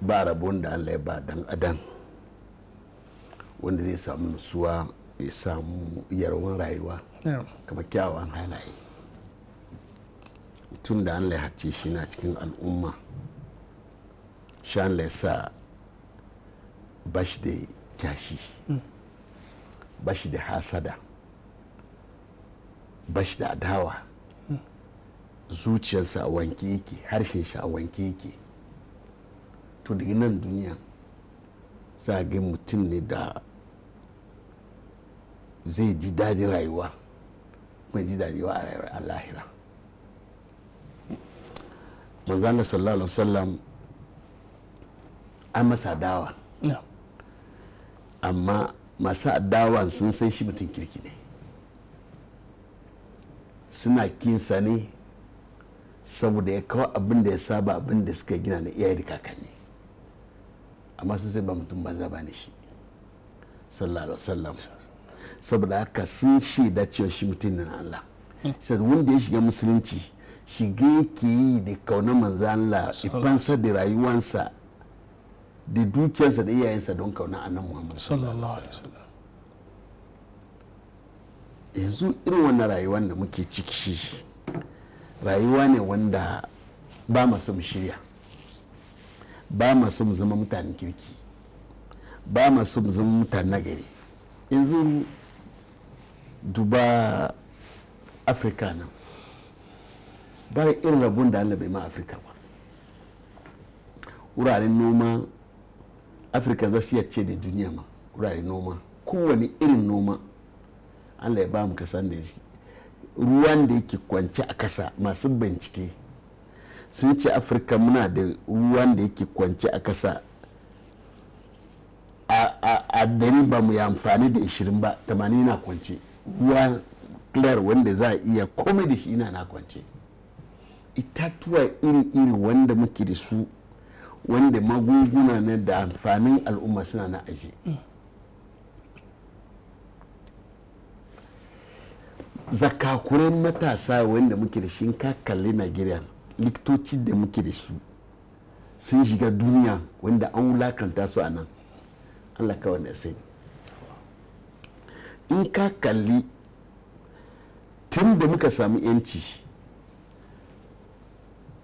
ba rabon da allah ya ba dan adam wanda zai samu nutsuwa ya samu yarwan rayuwa kama kyawawan halaye tun da allah ya harce shi na cikin al'umma shi allah ya sa ba shi da kyashi hmm. ba shi da hasada ba shi da adawa hmm. zuciyarsa a wanke yake harshen shi a wanke yake to daga nan duniya za a ga mutum ne da zai ji daji rayuwa mai ji wa a lahira manzana sallallahu alaihi wasallam an masa dawa amma masu adawa sun san shi mutum kirki ne suna kinsa ne saboda ya kawo abin ya saba abin da suka gina na iyaye da kakanni amma sun sai ba mutum banza ba ne shi sallallahu alaihi saboda haka sun da cewa shi mutum na Allah sai wanda ya shiga musulunci shiga yake yi da kauna manzo Allah ifansa da rayuwansa da dukiyarsa da iyayensa don kauna annabi Muhammad sallallahu alaihi wasallam yanzu irin wannan rayuwar da muke ciki rayuwa ne wanda ba mu shirya ba ma zama mutanen kirki ba ma so zama mutanen nagari yanzu duba afirka nan ba irin rabon da allah bai ma afirka ba wuraren noma afirka za su iya ce da duniya ma wuraren noma kowane irin noma allah ya ba mu kasan da shi ruwan da yake kwance a kasa masu bincike sun ce afirka muna da ruwan da yake kwance a kasa a dari ba mu yi amfani da 20 ba 80 na kwance Ruwan clear wanda za a iya komai da shi ina na kwance itatuwa iri-iri wanda muke da su wanda magunguna na da amfanin al'umma suna na aje zakakuren matasa wanda muke da shinka kalli nigeria liktoci da muke da su sun shiga duniya wanda an wulakanta su a nan allah kawai na sani in ka kalli tun da muka samu yanci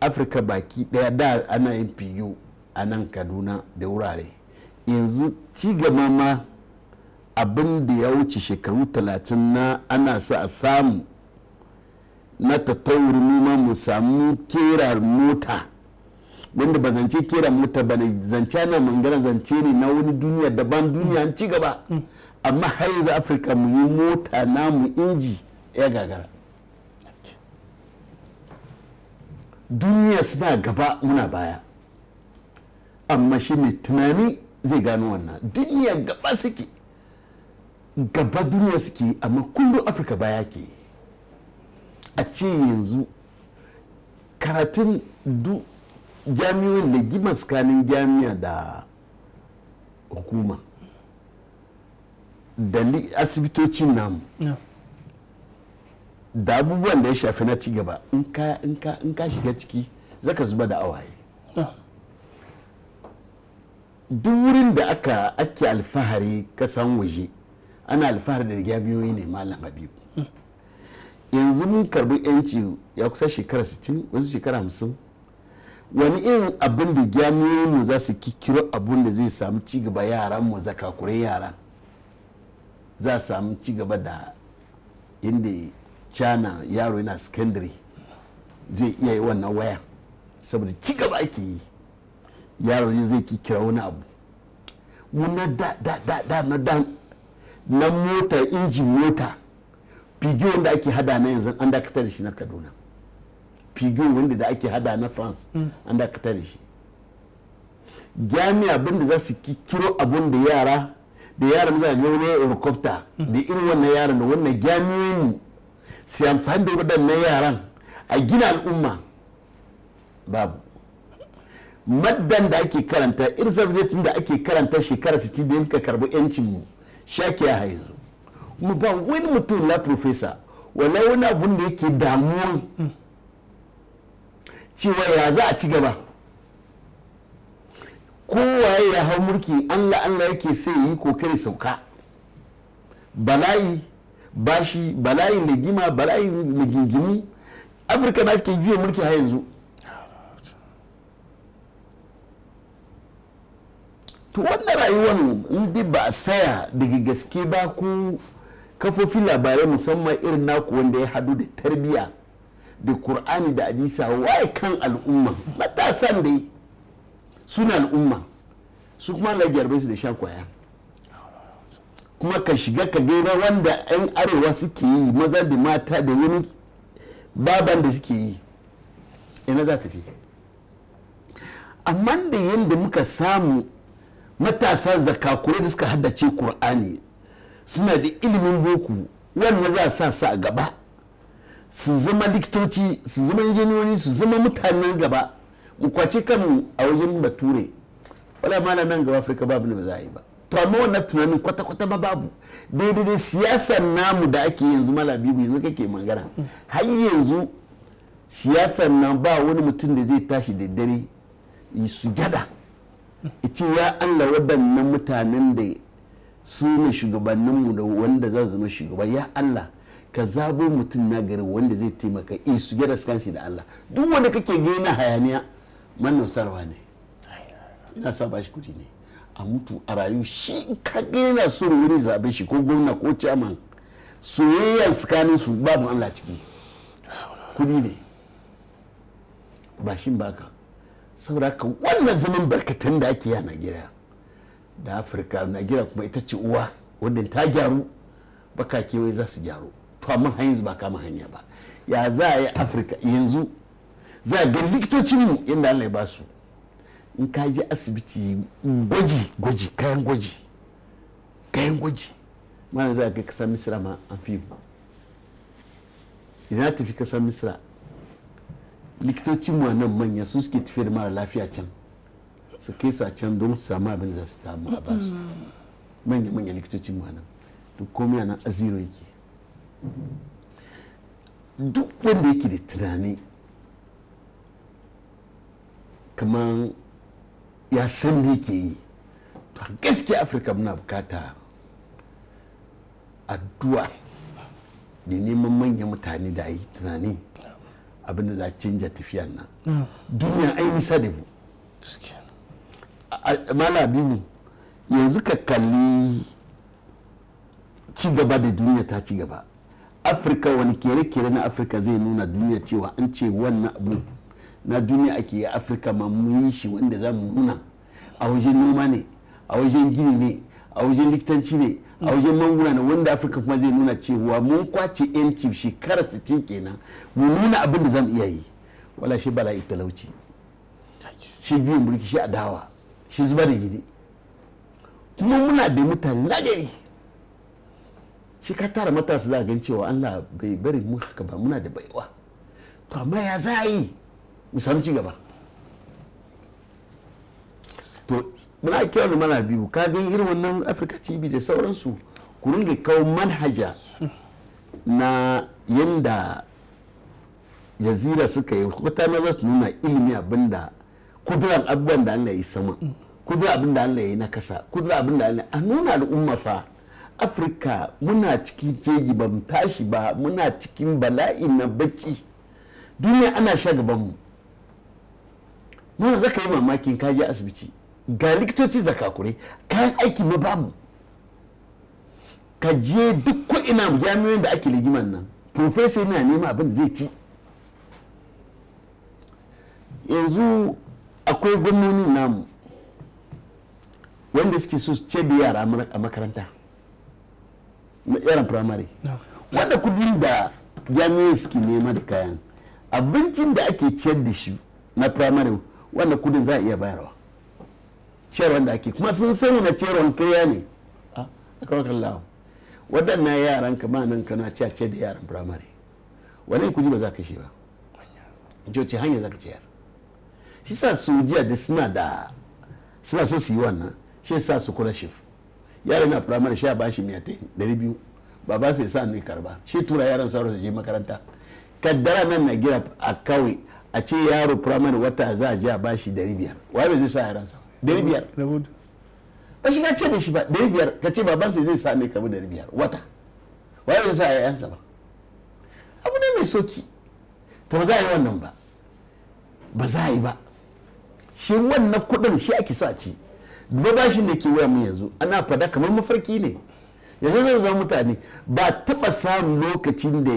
afirka baki daya da ana yin fiyo a nan kaduna da wurare yanzu cigaba ma abin da ya wuce shekaru talatin na ana sa a samu na tattauri nima mu samu kera mota wanda ba zance kera mota ba ne zance na mangana zance ne na wani duniya daban duniya ci gaba amma har yanzu afirka mu yi mota namu inji ya gagara duniya suna gaba muna baya amma shi mai tunani zai gano wannan duniya gaba suke gaba duniya suke amma kullum afirka baya ke a ce yanzu karatun du jami'oyin da gima tsakanin jami'a da hukuma da asibitocin namu da abubuwan da ya shafi na cigaba in ka shiga ciki zaka zuba da awaye duk wurin da aka ake alfahari kasan waje ana alfahari da jami'oyi ne malam habibu mm. yanzu mun karbi yanci ya kusa shekara 60 wasu shekara 50 wani irin abin da jami'o'i mu za su kikiro abin da zai samu cigaba yaran mu zakakurai yara za su samu cigaba da inda china yaro yana secondary zai iya yi wannan waya saboda cigaba ake yi yaro zai kikira wani abu mu na da da da da na dan na mota injin mota figiyo wanda ake hada na yanzu an dakatar shi na kaduna figiyo wanda da ake hada na france hmm. an da shi jami'a abin za su kiro abin da yara da yaran za a ga wani helicopter hmm. da irin wannan yaran da wannan jami'in su amfani da waɗannan yaran a gina al'umma babu madan da ake karanta irin da ake karanta shekara 60 da muka karbi 'yancin mu shaki ya haizu. mu ba wani mutum na profesa wala wani abun da yake damuwa cewa ya za a ci gaba kowaye ya hau mulki allah allah yake sai yi kokari sauka bala'i bashi bala'i legima bala'i legingimi afirka na ke juya mulki har yanzu to wannan rayuwar in ba a saya daga gaske ba ko kafofin labarai musamman irin naku wanda ya hadu da tarbiya da kur'ani da hadisa waye kan al'umma matasan dai suna al'umma su kuma na gyarbe su da sha kwaya kuma ka shiga ka gaira wanda 'yan arewa suke yi maza da mata da wani baban da suke yi ina za tafi amma da yadda muka samu matasa zakakure da suka haddace kur'ani suna da ilimin boko wanda za sa su a gaba su zama likitoci su zama injiniyoyi su zama mutanen gaba mu kwace kanmu a wajen bature wala mana nan gaba afirka babu ne ba za a yi ba to amma wannan tunanin kwata-kwata ma babu daidai da siyasar namu da ake yanzu malabibu yanzu kake magana har yanzu siyasar nan ba wani mutum da zai tashi da dare su gada ce ya allah waɗannan mutanen da su ne shugabanninmu da wanda za zama shugaba ya Allah ka zabo mutum na gari wanda zai taimaka in eh, su gyara su kanshi da Allah duk wanda kake gina hayaniya manna sarwa ne ina sa ba shi kudi ne a mutu a rayu shi ka gina su wuri zabe shi ko gwamna ko caman soyayya kanin su babu Allah ciki kudi ne ba shin baka saboda ka wannan zaman barkatan da ake yana gida da afirka najeriya kuma ita ce uwa wadda ta gyaru baka wai za su gyaru to amma har yanzu ba kama hanya ba ya za a yi afirka yanzu za a ga likitocinmu yadda allah ya ba su in ka je asibiti gwaji gwaji kayan gwaji kayan gwaji mana za a ga kasar misira ma an fi idan tafi kasar misira likitocinmu a nan manya su suke tafiya da mara lafiya can su kai su a can don samu abin da za su damu a su manya-manya likitocin ma nan duk komai a nan a zero yake duk wanda yake da tunani kamar ya san me ke yi to gaskiya afirka muna bukata addu'a da neman manyan mutane da yi tunani abinda za canja tafiyan nan duniya ai nisa da mu malabi yanzu ka kalli ci gaba da duniya ta ci gaba afirka wani kere-kere na afirka zai nuna duniya cewa an ce wannan abu na duniya ake yi afirka ma yi shi wanda za mu nuna a wajen noma ne a wajen gini ne a wajen likitanci ne a wajen manguna ne wanda afirka kuma zai nuna cewa mun kwace yanci shekara 60 kenan mu nuna abin da za mu iya yi wala shi bala'i talauci shi biyu mulki shi dawa. shi zuba da gidi kuma muna da mutane lagari shi ka tara matasa za a gan cewa allah bai bari mu haka ba muna da baiwa to amma ya za a yi mu samu ci gaba to muna kyau mana biyu ka gan irin wannan afirka tv da sauransu ku ringa kawo manhaja na yadda jazira suka yi kuma ta za su nuna ilimi abinda kudurar abubuwan da allah yi sama kudu abin da Allah ya yi na kasa kudu abin da Allah a nuna al'umma fa afirka muna cikin jeji ba tashi ba muna cikin bala'i na bacci duniya ana sha gaban mu mana zaka yi mamakin ka je asibiti ga likitoci zakakure kayan aiki ma babu ka je duk ko ina jami'oyin da ake ligiman nan profesa yana nema abin da zai ci yanzu akwai gwamnoni namu wanda suke so su ce da yara a makaranta na yaran firamare wanda kudin da jami'ai suke nema da kayan abincin da ake ciyar da shi na firamare wanda kudin za a iya bayarwa ciyarwar da ake kuma sun sani na ciyarwar kariya ne a kawakan lawa waɗannan yaran kama nan ka na a ciyar da yaran firamare wani kudi ba za ka shi ba joce hanya za ka ciyar shi sa sojiya da suna da suna so su yi wannan shi sa scholarship yaran na firamare shi a bashi miya ta dari biyu ba sai sa ne karba shi tura yaran sauro su je makaranta kaddara nan na gira a kawai a ce yaro firamare wata za a je a bashi dari biyar wa bai zai sa yaran sa dari biyar ba shi ka ce da shi ba dari biyar ka ce baban sai zai sa ne karbi dari biyar wata wa bai zai sa yaran sa ba abu ne mai soki to ba za a yi wannan ba ba za a yi ba shi wannan kudin shi ake so a ci babashin da ke waya mu yanzu ana fada kamar mafarki ne yanzu zan zama mutane ba taba samun lokacin da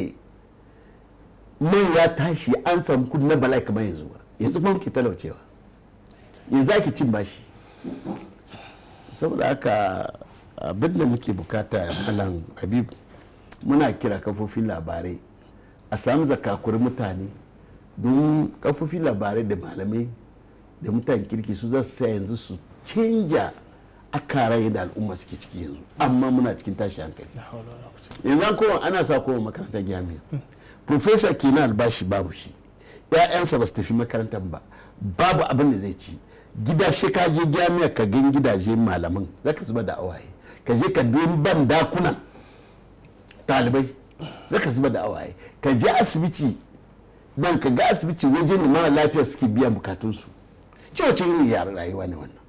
mai ya tashi an samu kudi na bala'i kamar yanzu ba yanzu kuma muke talaucewa yanzu ake cin bashi saboda haka abin da muke bukata malam habib muna kira kafofin labarai a samu zakakuri mutane don kafofin labarai da malamai da mutane kirki su za su sa yanzu su canja akarai da al'umma suke ciki yanzu amma muna cikin tashi hankali yanzu kowa ana sa kowa makarantar jami'a profesa kenan albashi babu shi ya'yansa ba su tafi makarantar ba babu abin da zai ci gida shi ka je jami'a ka gan gidaje malaman ka zuba da awaye ka je ka don ban dakunan talibai ka zuba da awaye ka je asibiti ban ka ga asibiti wajen da mara lafiya suke biyan bukatunsu cewa ce irin yara rayuwa ne wannan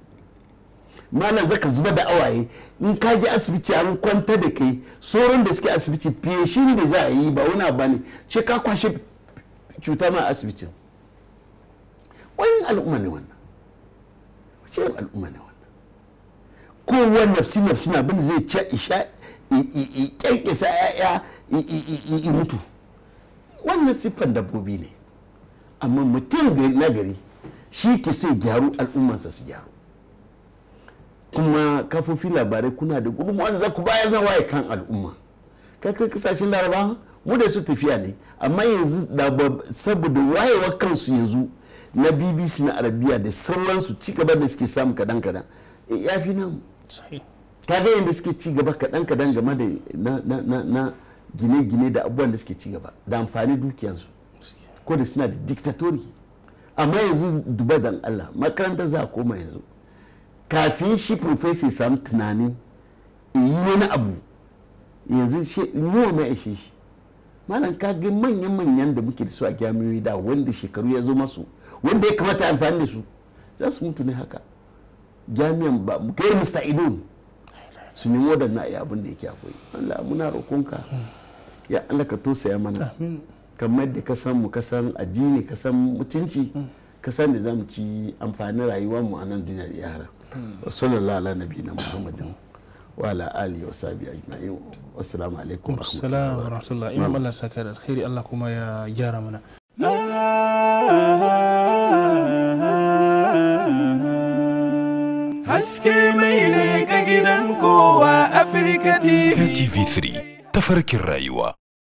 malam zaka zuba da awaye in ka je asibiti an kwanta da kai sauran da suke asibiti shi ne za a yi ba wani abu ne ce ka kwashe cuta ma asibitin wani al'umma ne wannan wace al'umma ne wannan kowa nafsi nafsi na bin zai ce isha kyankyasa ya'ya i mutu wannan siffan dabbobi ne amma mutum nagari shi ke so gyaru al'ummarsa su gyaru kuma kafofi labarai kuna da gudunmu wanda za ku bayar na waye kan al'umma kai kai kasashen laraba mu da su tafiya ne amma yanzu saboda wayewar kansu yanzu na bbc na arabiya da sauransu ci gaba da suke samu kadan kadan eh, ya fi ta kaga yadda suke ci gaba kadan kadan game da na gine-gine da abubuwan da suke ci gaba da amfani dukiyansu ko da suna da diktatori amma yanzu duba dan allah makaranta za a koma yanzu kafin shi profesi samu tunani yi wani abu yanzu shi nawa mai ishe shi malam ka ga manyan manyan da muke da su a jami'o'i da wanda shekaru ya zo masu wanda ya kamata amfani da su za su mutu ne haka jami'an ba musta musta'idun su nemo da na iya abin da yake akwai Allah muna roƙonka ya Allah ka tosaya mana kamar da ka san mu ka san addini ka san mutunci ka san da zamu ci amfanin rayuwar mu a nan duniya da yara sallallahu ala nabiyina muhammadin wa ala alihi wa ajma'in assalamu alaikum wa imam Allah saka da alkhairi Allah kuma ya gyara mana haske mai ne ga gidan kowa Afirka TV. KTV3 tafarkin rayuwa.